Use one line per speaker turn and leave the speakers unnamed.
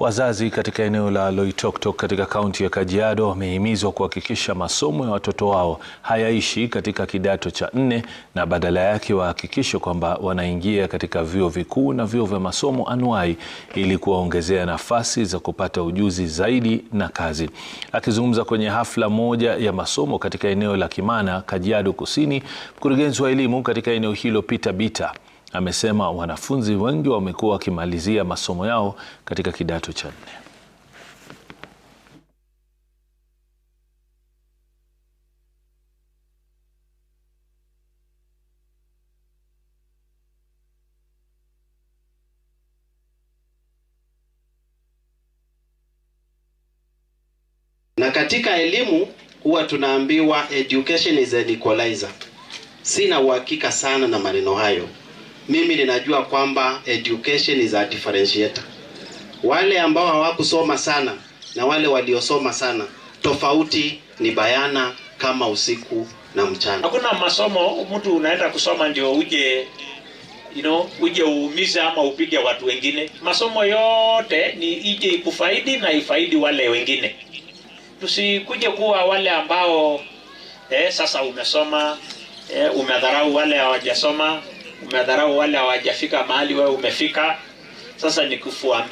Wazazi katika eneo la Loitoktok katika kaunti ya Kajiado wamehimizwa kuhakikisha masomo ya watoto wao hayaishi katika kidato cha nne na badala yake wahakikishe kwamba wanaingia katika vyuo vikuu na vyuo vya masomo anuai ili kuwaongezea nafasi za kupata ujuzi zaidi na kazi. Akizungumza kwenye hafla moja ya masomo katika eneo la Kimana, Kajiado Kusini, mkurugenzi wa elimu katika eneo hilo Peter Bita amesema wanafunzi wengi wamekuwa wakimalizia masomo yao katika kidato cha nne.
Na katika elimu huwa tunaambiwa education is an equalizer. Sina uhakika sana na maneno hayo mimi ninajua kwamba education is a differentiator. Wale ambao hawakusoma sana na wale waliosoma sana, tofauti ni bayana kama usiku na mchana.
Hakuna masomo mtu unaenda kusoma ndio uje you know, uje uumize ama upige watu wengine. Masomo yote ni ije ikufaidi na ifaidi wale wengine. Tusikuje kuwa wale ambao eh, sasa umesoma eh, umedharau wale hawajasoma umedharau wale hawajafika mahali wewe umefika. Sasa ni kufua